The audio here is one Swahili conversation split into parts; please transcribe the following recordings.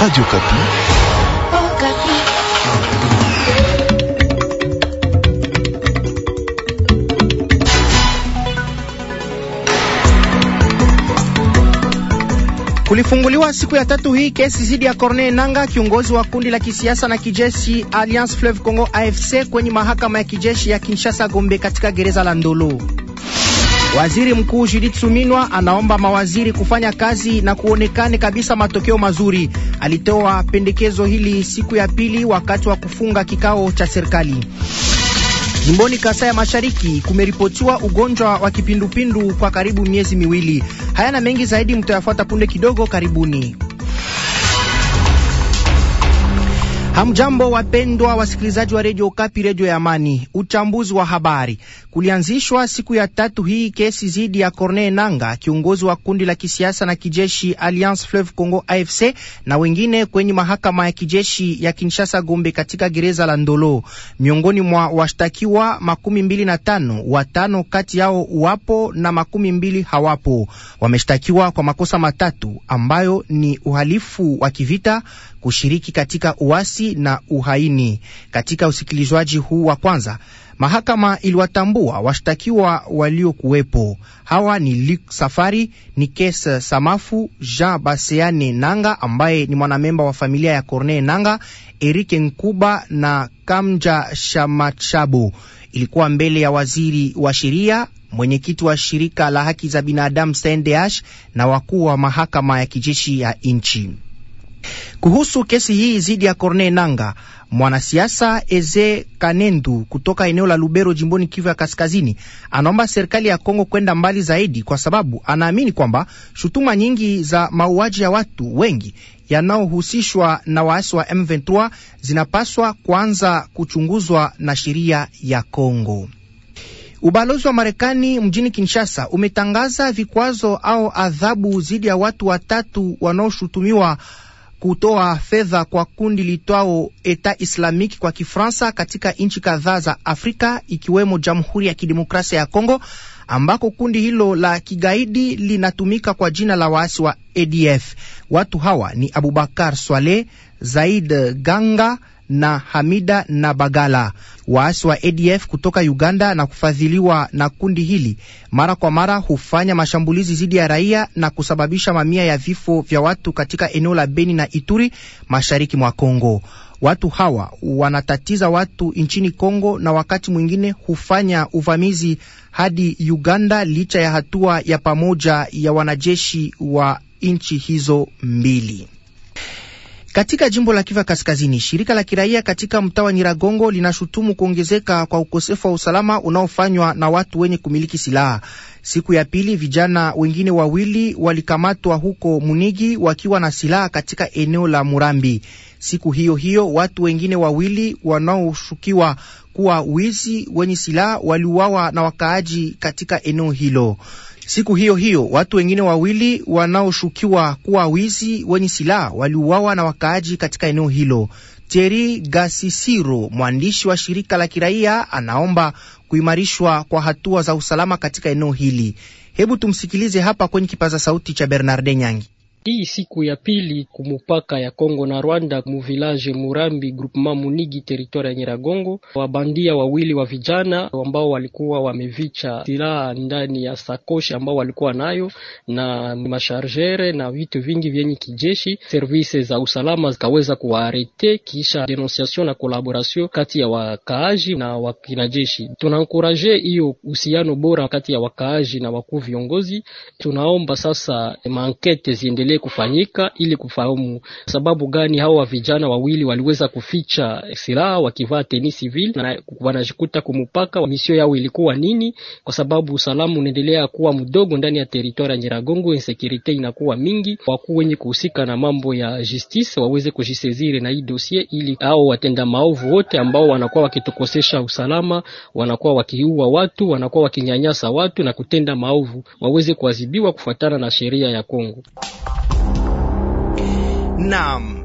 Radio Okapi. Kulifunguliwa siku ya tatu hii kesi dhidi ya Corneille nanga kiongozi wa kundi la kisiasa na kijeshi Alliance Fleuve Congo AFC, kwenye mahakama ya kijeshi ya Kinshasa Gombe katika gereza la Ndolo. Waziri Mkuu Judith Suminwa anaomba mawaziri kufanya kazi na kuonekane kabisa matokeo mazuri. Alitoa pendekezo hili siku ya pili wakati wa kufunga kikao cha serikali. Jimboni Kasai ya Mashariki kumeripotiwa ugonjwa wa kipindupindu kwa karibu miezi miwili. Hayana mengi zaidi mtayafuata punde kidogo karibuni. Hamjambo, wapendwa wasikilizaji wa redio Kapi, redio ya Amani. Uchambuzi wa habari. Kulianzishwa siku ya tatu hii kesi dhidi ya Corneille Nanga, kiongozi wa kundi la kisiasa na kijeshi Alliance Fleuve Congo AFC, na wengine kwenye mahakama ya kijeshi ya Kinshasa Gombe, katika gereza la Ndolo. Miongoni mwa washtakiwa makumi mbili na tano, watano kati yao wapo na makumi mbili hawapo. Wameshtakiwa kwa makosa matatu ambayo ni uhalifu wa kivita, kushiriki katika uasi na uhaini. Katika usikilizwaji huu wa kwanza, mahakama iliwatambua washtakiwa waliokuwepo. Hawa ni Luk Safari, Nikes Samafu, Jean Baseane Nanga ambaye ni mwanamemba wa familia ya Corneille Nanga, Erike Nkuba na Kamja Shamachabu. Ilikuwa mbele ya waziri wa sheria mwenyekiti wa shirika la haki za binadamu CNDH na wakuu wa mahakama ya kijeshi ya nchi. Kuhusu kesi hii dhidi ya Corne Nanga, mwanasiasa Eze Kanendu kutoka eneo la Lubero jimboni Kivu ya Kaskazini anaomba serikali ya Kongo kwenda mbali zaidi, kwa sababu anaamini kwamba shutuma nyingi za mauaji ya watu wengi yanayohusishwa na waasi wa M23 zinapaswa kuanza kuchunguzwa na sheria ya Kongo. Ubalozi wa Marekani mjini Kinshasa umetangaza vikwazo au adhabu dhidi ya watu watatu wanaoshutumiwa kutoa fedha kwa kundi litwao Eta Islamiki kwa Kifransa katika nchi kadhaa za Afrika ikiwemo Jamhuri ya Kidemokrasia ya Kongo ambako kundi hilo la kigaidi linatumika kwa jina la waasi wa ADF. Watu hawa ni Abubakar Swaleh, Zaid Ganga na Hamida na Bagala, waasi wa ADF kutoka Uganda na kufadhiliwa na kundi hili, mara kwa mara hufanya mashambulizi dhidi ya raia na kusababisha mamia ya vifo vya watu katika eneo la Beni na Ituri, mashariki mwa Kongo. Watu hawa wanatatiza watu nchini Kongo na wakati mwingine hufanya uvamizi hadi Uganda, licha ya hatua ya pamoja ya wanajeshi wa nchi hizo mbili. Katika jimbo la Kiva Kaskazini, shirika la kiraia katika mtaa wa Nyiragongo linashutumu kuongezeka kwa ukosefu wa usalama unaofanywa na watu wenye kumiliki silaha. Siku ya pili, vijana wengine wawili walikamatwa huko Munigi wakiwa na silaha katika eneo la Murambi. Siku hiyo hiyo, watu wengine wawili wanaoshukiwa kuwa wizi wenye silaha waliuawa na wakaaji katika eneo hilo. Siku hiyo hiyo watu wengine wawili wanaoshukiwa kuwa wizi wenye silaha waliuawa na wakaaji katika eneo hilo. teri Gasisiro, mwandishi wa shirika la kiraia, anaomba kuimarishwa kwa hatua za usalama katika eneo hili. Hebu tumsikilize hapa kwenye kipaza sauti cha Bernarde Nyangi hii siku ya pili kumupaka ya Kongo na Rwanda village Murambi groupement Munigi teritoria ya Nyiragongo, wabandia wawili wa vijana ambao walikuwa wamevicha silaha ndani ya sakoshi ambao walikuwa nayo na mashargere na vitu vingi vyenye kijeshi. Service za usalama zikaweza kuwaarete kisha denonciation na collaboration kati ya wakaaji na wakinajeshi. Tunankuraje hiyo uhusiano bora kati ya wakaaji na wakuu viongozi. Tunaomba sasa mankete ziendelee iendelee kufanyika ili kufahamu sababu gani hao wa vijana wawili waliweza kuficha silaha wakivaa teni civil na wanajikuta kumupaka. Misio yao ilikuwa nini? Kwa sababu usalama unaendelea kuwa mdogo ndani ya teritoria ya Nyiragongo, insecurity inakuwa mingi. Wakuu wenye kuhusika na mambo ya justice waweze kujisezire na hii dossier, ili hao watenda maovu wote ambao wanakuwa wakitukosesha usalama, wanakuwa wakiua watu, wanakuwa wakinyanyasa watu na kutenda maovu waweze kuadhibiwa kufuatana na sheria ya Kongo. Naam.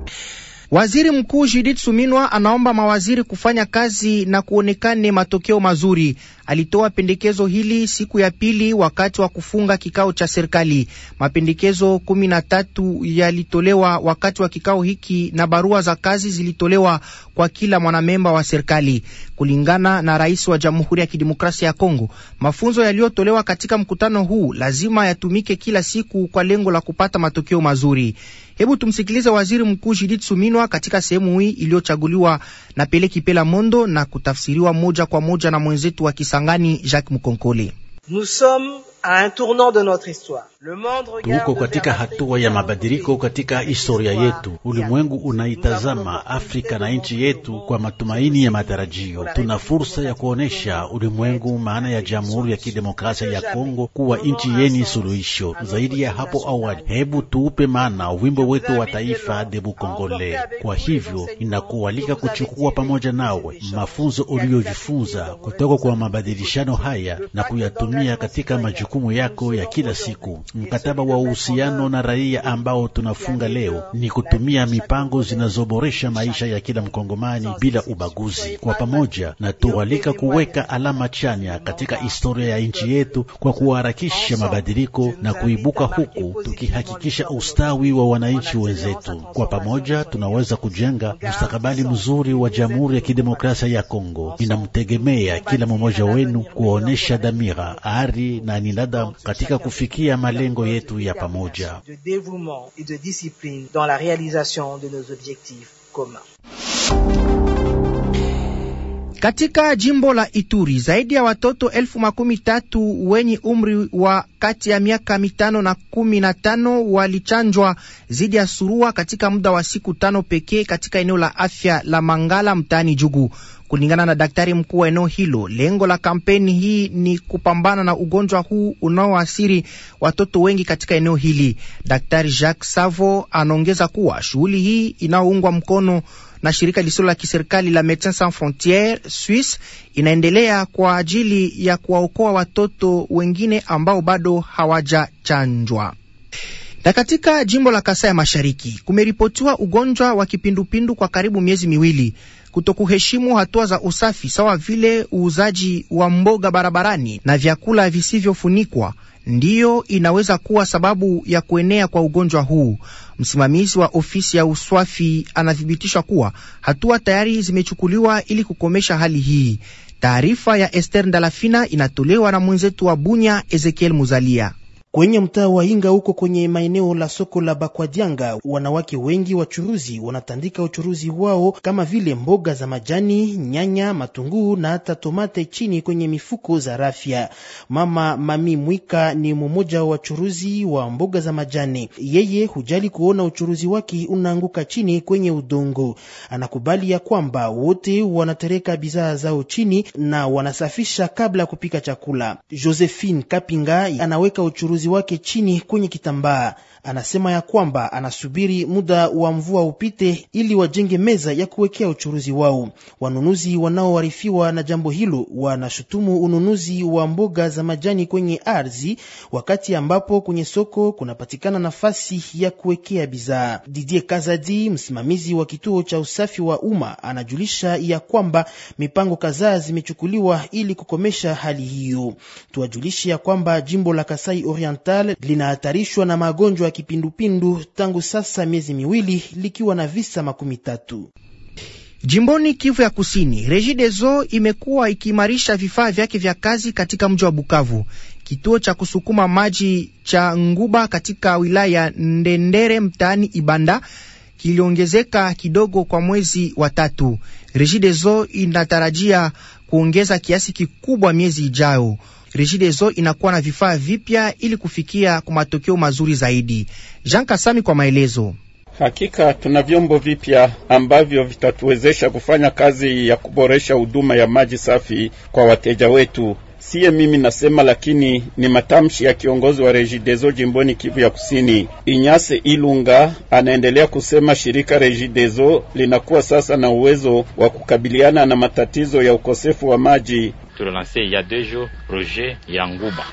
Waziri Mkuu Judith Suminwa anaomba mawaziri kufanya kazi na kuonekane matokeo mazuri alitoa pendekezo hili siku ya pili wakati wa kufunga kikao cha serikali. Mapendekezo kumi na tatu yalitolewa wakati wa kikao hiki na barua za kazi zilitolewa kwa kila mwanamemba wa serikali. Kulingana na rais wa Jamhuri ya Kidemokrasia ya Kongo, mafunzo yaliyotolewa katika mkutano huu lazima yatumike kila siku kwa lengo la kupata matokeo mazuri. Hebu tumsikilize waziri mkuu Judith Suminwa katika sehemu hii iliyochaguliwa na Peleki Pela Mondo na kutafsiriwa moja kwa moja na mwenzetu wa kisa Kisangani, Jacques Mukonkole. Tuko katika hatua ya mabadiliko katika historia yetu. Ulimwengu unaitazama Afrika na nchi yetu kwa matumaini ya matarajio. Tuna fursa ya kuonesha ulimwengu maana ya Jamhuri ya Kidemokrasia ya Kongo kuwa nchi yenye suluhisho zaidi ya hapo awali. Hebu tuupe maana wimbo wetu wa taifa Debu Kongole. Kwa hivyo, inakualika kuchukua pamoja nawe mafunzo uliyojifunza kutoka kwa mabadilishano haya na kuyatumia katika majukumu majukumu yako ya kila siku. Mkataba wa uhusiano na raia ambao tunafunga leo ni kutumia mipango zinazoboresha maisha ya kila Mkongomani bila ubaguzi. Kwa pamoja na tualika kuweka alama chanya katika historia ya nchi yetu kwa kuharakisha mabadiliko na kuibuka, huku tukihakikisha ustawi wa wananchi wenzetu. Kwa pamoja tunaweza kujenga mustakabali mzuri wa Jamhuri ya Kidemokrasia ya Kongo. Ninamtegemea kila mmoja wenu kuonesha dhamira, ari na nina dada katika kufikia malengo yetu ya pamoja. Katika jimbo la Ituri zaidi ya watoto elfu makumi tatu wenye umri wa kati ya miaka mitano na kumi na tano walichanjwa dhidi ya surua katika muda wa siku tano pekee katika eneo la afya la Mangala mtaani Jugu. Kulingana na daktari mkuu wa eneo hilo, lengo la kampeni hii ni kupambana na ugonjwa huu unaoasiri watoto wengi katika eneo hili. Daktari Jacques Savo anaongeza kuwa shughuli hii inayoungwa mkono na shirika lisilo la kiserikali la Medecins Sans Frontieres Swiss inaendelea kwa ajili ya kuwaokoa watoto wengine ambao bado hawajachanjwa na katika jimbo la Kasai ya Mashariki kumeripotiwa ugonjwa wa kipindupindu kwa karibu miezi miwili kutokuheshimu hatua za usafi sawa vile uuzaji wa mboga barabarani na vyakula visivyofunikwa ndiyo inaweza kuwa sababu ya kuenea kwa ugonjwa huu. Msimamizi wa ofisi ya uswafi anathibitisha kuwa hatua tayari zimechukuliwa ili kukomesha hali hii. Taarifa ya Ester Ndalafina inatolewa na mwenzetu wa Bunya, Ezekiel Muzalia. Kwenye mtaa wa Inga huko kwenye maeneo la soko la bakwadianga wanawake wengi wachuruzi wanatandika uchuruzi wao kama vile mboga za majani, nyanya, matunguu na hata tomate chini kwenye mifuko za rafia. Mama Mami Mwika ni mmoja wa wachuruzi wa mboga za majani. Yeye hujali kuona uchuruzi wake unaanguka chini kwenye udongo. Anakubali ya kwamba wote wanatereka bidhaa zao chini na wanasafisha kabla ya kupika chakula. Josephine Kapinga anaweka uchuruzi uzinzi wake chini kwenye kitambaa. Anasema ya kwamba anasubiri muda wa mvua upite ili wajenge meza ya kuwekea uchuruzi wao. Wanunuzi wanaoarifiwa na jambo hilo wanashutumu ununuzi wa mboga za majani kwenye ardhi, wakati ambapo kwenye soko kunapatikana nafasi ya kuwekea bidhaa. Didie Kazadi, msimamizi wa kituo cha usafi wa umma, anajulisha ya kwamba mipango kadhaa zimechukuliwa ili kukomesha hali hiyo. Tuwajulishe ya kwamba jimbo la Kasai Oriental Oriental linahatarishwa na magonjwa ya kipindupindu tangu sasa miezi miwili likiwa na visa makumi tatu. Jimboni Kivu ya Kusini, Regideso imekuwa ikiimarisha vifaa vyake vya kazi katika mji wa Bukavu. Kituo cha kusukuma maji cha Nguba katika wilaya Ndendere mtaani Ibanda kiliongezeka kidogo kwa mwezi wa tatu. Regideso inatarajia kuongeza kiasi kikubwa miezi ijayo. Regideso inakuwa na vifaa vipya ili kufikia kwa matokeo mazuri zaidi. Jean Kasami kwa maelezo. Hakika tuna vyombo vipya ambavyo vitatuwezesha kufanya kazi ya kuboresha huduma ya maji safi kwa wateja wetu. Siye mimi nasema, lakini ni matamshi ya kiongozi wa Regideso jimboni Kivu ya Kusini, Inyase Ilunga. Anaendelea kusema shirika Regideso linakuwa sasa na uwezo wa kukabiliana na matatizo ya ukosefu wa maji relancé il y a deux jours projet Yanguba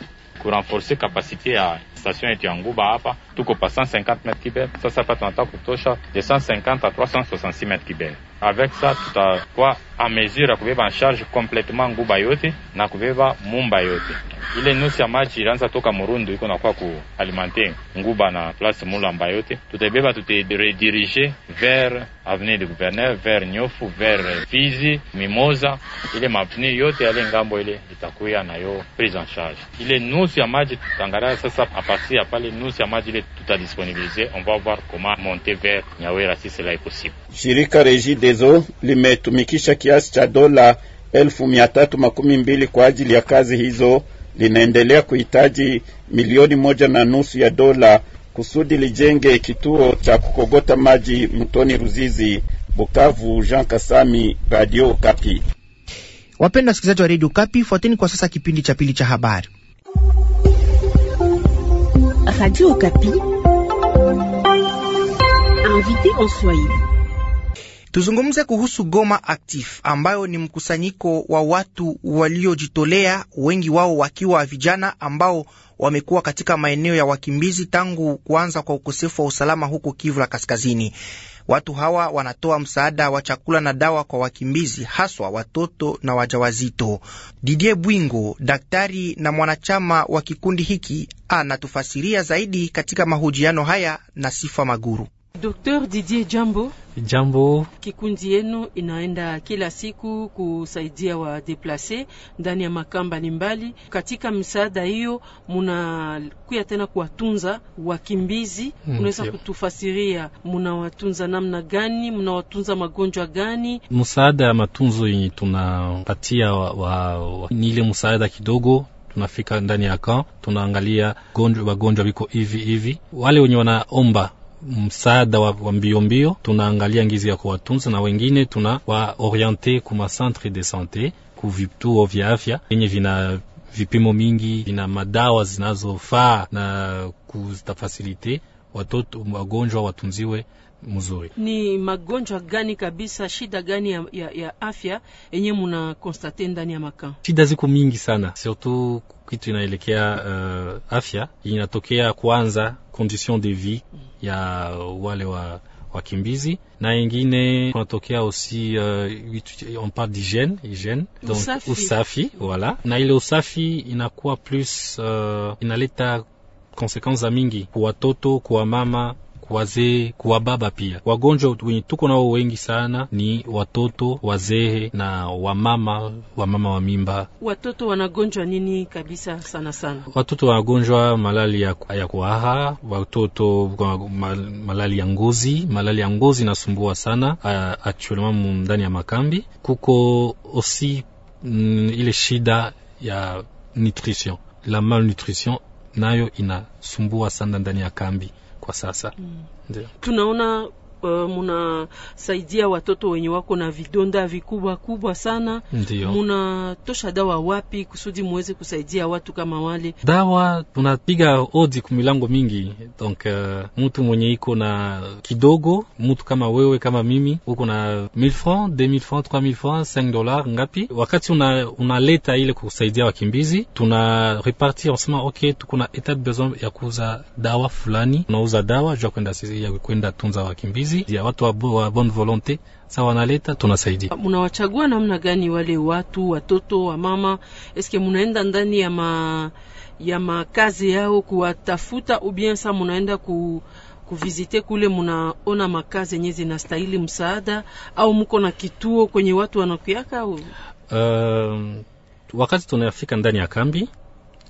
pour renforcer la capacité à station yangouba Apa tuko pa 150 mètres kibeli. en hapa tunataka kutosha de 150 à 366 mètres cubes. Avec ça tu quoi? À mesure ya kubeba en charge complètement nguba yote na kubeba mumba yote. Ile nusu ya maji ilianza toka Murundu iko nakuwa ku alimenter nguba na place mulamba yote, tutaibeba tutaredirige vers avenue du gouverneur, vers Nyofu, vers Fizi, Mimoza. Ile mapni yote yale ngambo ile itakuya nayo prise en charge. Ile nusu ya maji tutangalia sasa, apartir à pale nusu ya maji ile tout à disponibiliser. On va voir comment monter vers Nyawera si cela est possible. Shirika Regideso limetumikisha kiasi cha dola elfu mia tatu makumi mbili kwa ajili ya kazi hizo, linaendelea kuhitaji milioni moja na nusu ya dola kusudi lijenge kituo cha kukogota maji mtoni Ruzizi. Bukavu, Jean Kasami, Radio Kapi. Wapenda wasikilizaji wa Radio Kapi, fuateni kwa sasa kipindi cha pili cha habari. Radio Okapi, invité en soi. Tuzungumze kuhusu Goma Active ambayo ni mkusanyiko wa watu waliojitolea, wengi wao wakiwa vijana ambao wamekuwa katika maeneo ya wakimbizi tangu kuanza kwa ukosefu wa usalama huko Kivu la Kaskazini. Watu hawa wanatoa msaada wa chakula na dawa kwa wakimbizi, haswa watoto na wajawazito. Didier Bwingo, daktari na mwanachama wa kikundi hiki, anatufasiria zaidi katika mahojiano haya na Sifa Maguru. Dr. Didier Jambo. Jambo. Kikundi yenu inaenda kila siku kusaidia deplase ndani ya makaa mbalimbali. Katika msaada hiyo, munakuya tena kuwatunza wakimbizi. Unaweza hmm, kutufasiria munawatunza namna gani? Munawatunza magonjwa gani? Msaada ya matunzo yenye tunapatia wa, wa, wa, ni ile msaada kidogo tunafika ndani ya kamp, tunaangalia gonjwa wagonjwa viko hivi hivi, wale wenye wanaomba msaada wa, wa mbio mbio, tunaangalia ngizi ya kuwatunza na wengine tuna waoriente kuma centre de sante, ku vituo vya afya yenye vina vipimo mingi, vina madawa zinazofaa na kutafasilite watoto wagonjwa watunziwe mzuri. Ni magonjwa gani kabisa, shida gani ya, ya, ya afya yenye muna konstate ndani ya makamp? Shida ziko mingi sana, surtout kitu inaelekea uh, afya inatokea kwanza condition de vie ya wale wa wakimbizi na ingine kunatokea aussi uh, on parle d'hygiene hygiene donc usafi, usafi voilà. Na ile usafi inakuwa plus uh, inaleta konsekensa mingi kwa watoto, kwa mama wazee, kuwa baba pia. Wagonjwa wenye tuko nao wengi sana ni watoto, wazee na wamama, wamama wa mimba. Watoto wanagonjwa nini kabisa sana sana? Watoto wanagonjwa malali ya, ya kuhaha, watoto malali ya ngozi. Malali ya ngozi inasumbua sana actuellement ndani ya makambi. Kuko osi mm, ile shida ya nutrition, la malnutrition nayo inasumbua sana ndani ya kambi kwa sasa mm. Ndio tunaona uh, munasaidia watoto wenye wako na vidonda vikubwa kubwa sana. Ndiyo. munatosha dawa wapi kusudi muweze kusaidia watu kama wale? Dawa tunapiga odi kumilango mingi donc, uh, mtu mwenye iko na kidogo, mtu kama wewe kama mimi uko na 1000 francs 2000 francs 3000 francs 5 dollars ngapi, wakati unaleta una ile kusaidia wakimbizi, tuna reparti nsema ok, tuko na état de besoin ya kuuza dawa fulani, tunauza dawa jua kwenda tunza wakimbizi usaidizi ya watu wa bonne volonte sa wanaleta tunasaidia. Munawachagua namna gani wale watu watoto wa mama? Eske munaenda ndani ya ma ya makazi yao kuwatafuta, ubien sa munaenda ku kuvizite kule munaona makazi yenye zinastahili msaada, au muko na kituo kwenye watu wanakuyaka au? Uh, wakati tunafika ndani ya kambi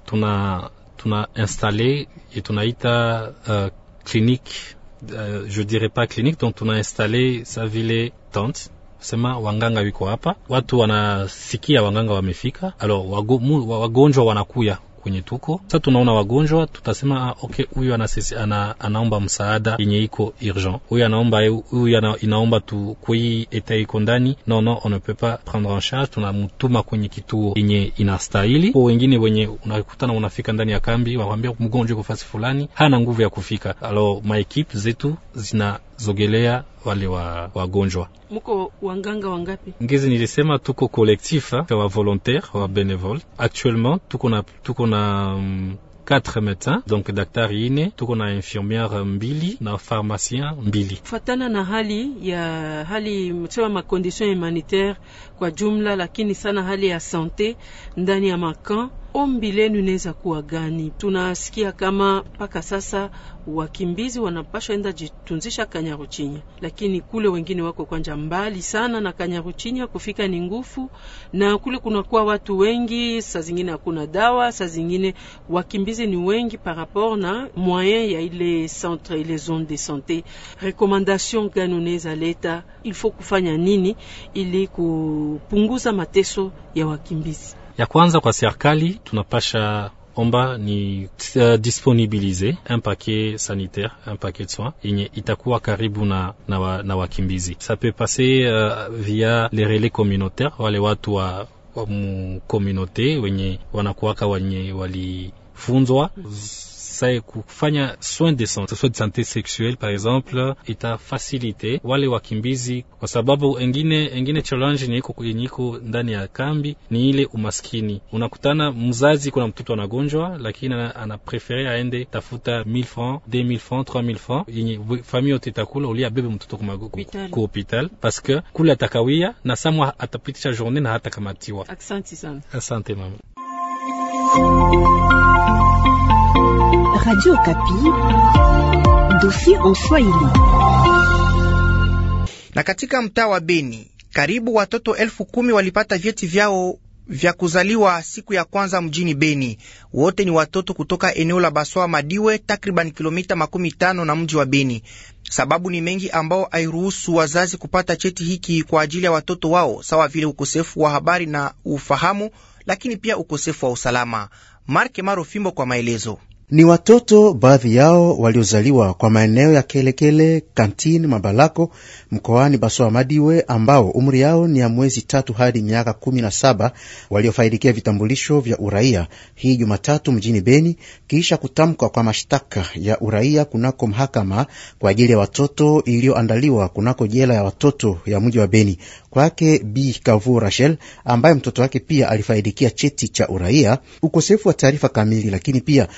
tuna tuna installe tunaita uh, clinique Euh, je dirais pas clinique, donc installé sa ville tente sema wanganga wiko hapa, watu wanasikia wanganga wamefika, alors wagonjwa wanakuya kwenye tuko sasa, tunaona wagonjwa tutasema, ah, okay, huyu ana ana, anaomba msaada yenye iko urgent, huyu anaomba huyu ana, inaomba tu kui eta iko ndani, no no, on ne peut pas prendre en charge, tunamtuma kwenye kituo yenye inastahili. Kwa wengine wenye unakutana unafika ndani ya kambi, wakwambia mgonjwa kwa fasi fulani hana nguvu ya kufika, alo maekipe zetu zinazogelea wale wa wagonjwa. Mko wanganga wangapi? Ngizi nilisema tuko collectif hein, wa volontaire wa bénévole. Actuellement tuko na tuko na um, mm, 4 médecins donc daktari ine tuko na infirmiere mbili na pharmacien mbili. Fatana na hali ya hali msema ma condition humanitaire kwa jumla, lakini sana hali ya sante ndani ya makamp ombi lenu inaweza kuwa gani? Tunasikia kama mpaka sasa wakimbizi wanapashwa enda jitunzisha Kanyaruchinya, lakini kule wengine wako kwanja mbali sana na Kanyaruchinya, kufika ni ngufu, na kule kunakuwa watu wengi, saa zingine hakuna dawa, saa zingine wakimbizi ni wengi par rapport na moyen ya ile centre, ile zone de sante. Rekomandation gani unaweza leta? Ilfo kufanya nini ili kupunguza mateso ya wakimbizi? Ya kwanza kwa serikali tunapasha omba ni uh, disponibilize un paquet sanitaire un paquet de soins yenye itakuwa karibu na, na, wa, na wakimbizi. Ça peut passer uh, via les relais communautaires, wale watu wa, wa mu communauté wenye wanakuwaka wenye walifunzwa Masai kufanya soin de santé, soin de santé sexuelle par exemple, itafasilite wale wakimbizi, kwa sababu engine engine challenge yenye iko ndani ya kambi ni ile umaskini. Unakutana mzazi, kuna mtoto anagonjwa, lakini anaprefere aende tafuta 1000 francs, 2000 francs, 3000 francs yenye famille yote itakula, ulia abebe mtoto ku hopital parce que kula atakawia na samwa atapitisha journée na hata kamatiwa. Asante sana, asante mama. Radio Kapi, dossier en Swahili. Na katika mtaa wa Beni, karibu watoto elfu kumi walipata vyeti vyao vya kuzaliwa siku ya kwanza mjini Beni. Wote ni watoto kutoka eneo la Baswa Madiwe, takriban kilomita makumi tano na mji wa Beni. Sababu ni mengi ambao hairuhusu wazazi kupata cheti hiki kwa ajili ya watoto wao, sawa vile ukosefu wa habari na ufahamu, lakini pia ukosefu wa usalama. Marke Fimbo kwa maelezo ni watoto baadhi yao waliozaliwa kwa maeneo ya Kelekele, Kantini, Mabalako mkoani Basoa Madiwe, ambao umri yao ni ya mwezi tatu hadi miaka kumi na saba waliofaidikia vitambulisho vya uraia hii Jumatatu mjini Beni kisha kutamkwa kwa mashtaka ya uraia kunako mahakama kwa ajili ya watoto iliyoandaliwa kunako jela ya watoto ya mji wa Beni. Kwake B Kavu Rachel, ambaye mtoto wake pia alifaidikia cheti cha uraia, ukosefu wa taarifa kamili, lakini pia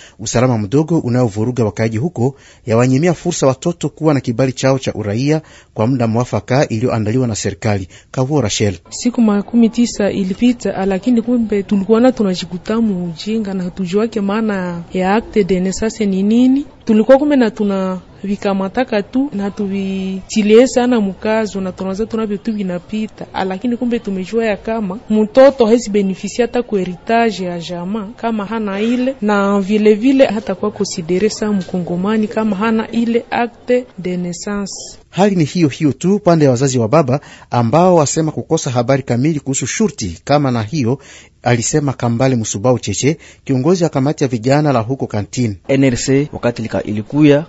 usalama mdogo unaovuruga wakaaji huko yawanyimia fursa watoto kuwa na kibali chao cha uraia kwa muda mwafaka iliyoandaliwa na serikali. Kavuo Rachel, siku makumi tisa ilipita, lakini kumbe tulikuona tunajikuta mujinga na tujuake maana ya acte de naissance ni nini. Tulikuwa kumbe na tuna vikamataka tu na tuvitilie sana mukazo, na tunaza tuna vitu vinapita, ah, lakini kumbe tumejua ya kama mtoto hawezi benefisia hata ku heritage ya jama kama hana ile, na vilevile hata kwa konsidere sa mkongomani kama hana ile acte de naissance. Hali ni hiyo hiyo tu pande ya wazazi wa baba ambao wasema kukosa habari kamili kuhusu shurti kama na hiyo, alisema Kambale Musubao Cheche, kiongozi wa kamati ya vijana la huko kantini NRC. Wakati lika ilikuya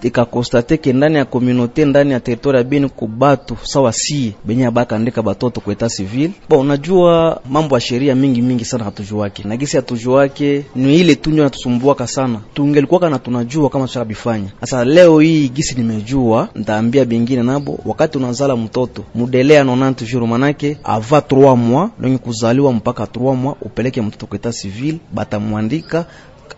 ke ndani ya komunote ndani ya teritori ya Beni kubatu sawa si benye abakaandika batoto ku eta civil ba, unajua mambo ya sheria mingi mingi sana hatujuwake na gisi hatujuwake, ni ile tunjo natusumbuaka sana, tungelikuwaka na tunajua kama tutakabifanya. Sasa leo hii gisi nimejua ntaambia bengine nabo wakati unazala mtoto mudele ya 90 jours manake ava 3 mois lenye kuzaliwa mpaka 3 mois, upeleke mtoto kwa etat civil, batamwandika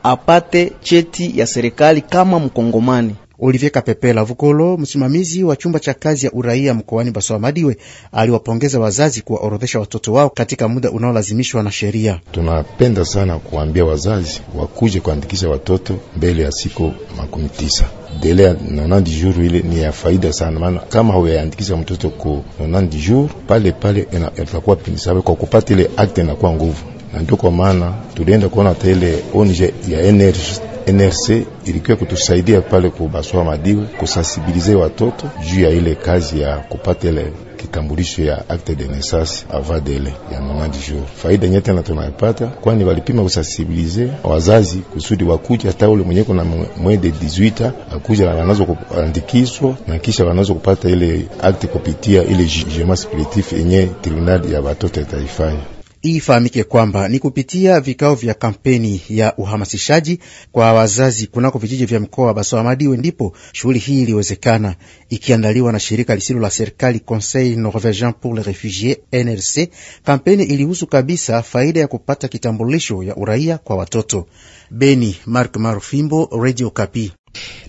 apate cheti ya serikali kama mkongomani Olivier Kapepela Vukolo, msimamizi wa chumba cha kazi ya uraia mkoani Basoa Madiwe, aliwapongeza wazazi kuwaorodhesha watoto wao katika muda unaolazimishwa na sheria. Tunapenda sana kuambia wazazi wakuje kuandikisha watoto mbele ya siku makumi tisa dele ya nonante jour ile ni ya faida sana, maana kama hauyaandikisha mtoto ku nonante jour pale pale atakuwa pinisabe kwa kupata ile akte inakuwa nguvu, na ndio kwa maana tulienda kuona tele onje ya energy NRC ilikuwa kutusaidia pale kubaswa madiwe kusansibilize watoto juu ya ile kazi ya kupata ile kitambulisho ya acte de naissance avant dele ya nomadi jour. Faida nyete na tunapata kwani walipima kusansibilize wazazi kusudi wakuja hata ule mwenyeko na mwede 18 akuja anazo kuandikishwa na kisha wanazo kupata ile acte kupitia ile jugement supplétif enye tribunal ya watoto itaifanya. Ifahamike kwamba ni kupitia vikao vya kampeni ya uhamasishaji kwa wazazi kunako vijiji vya mkoa wa Basoamadiwe ndipo shughuli hii iliwezekana, ikiandaliwa na shirika lisilo la serikali Conseil Norvegien pour les Refugies NRC. Kampeni ilihusu kabisa faida ya kupata kitambulisho ya uraia kwa watoto. Beni, Mark Marufimbo, Radio Kapi.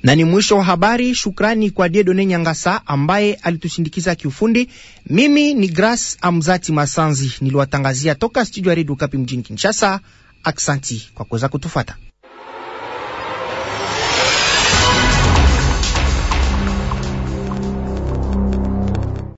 Na ni mwisho wa habari. Shukrani kwa Diedone Nyangasa ambaye alitushindikiza kiufundi. Mimi ni Grace Amzati Masanzi niliwatangazia toka studio ya Redio Kapi mjini Kinshasa. Aksanti kwa kuweza kutufata.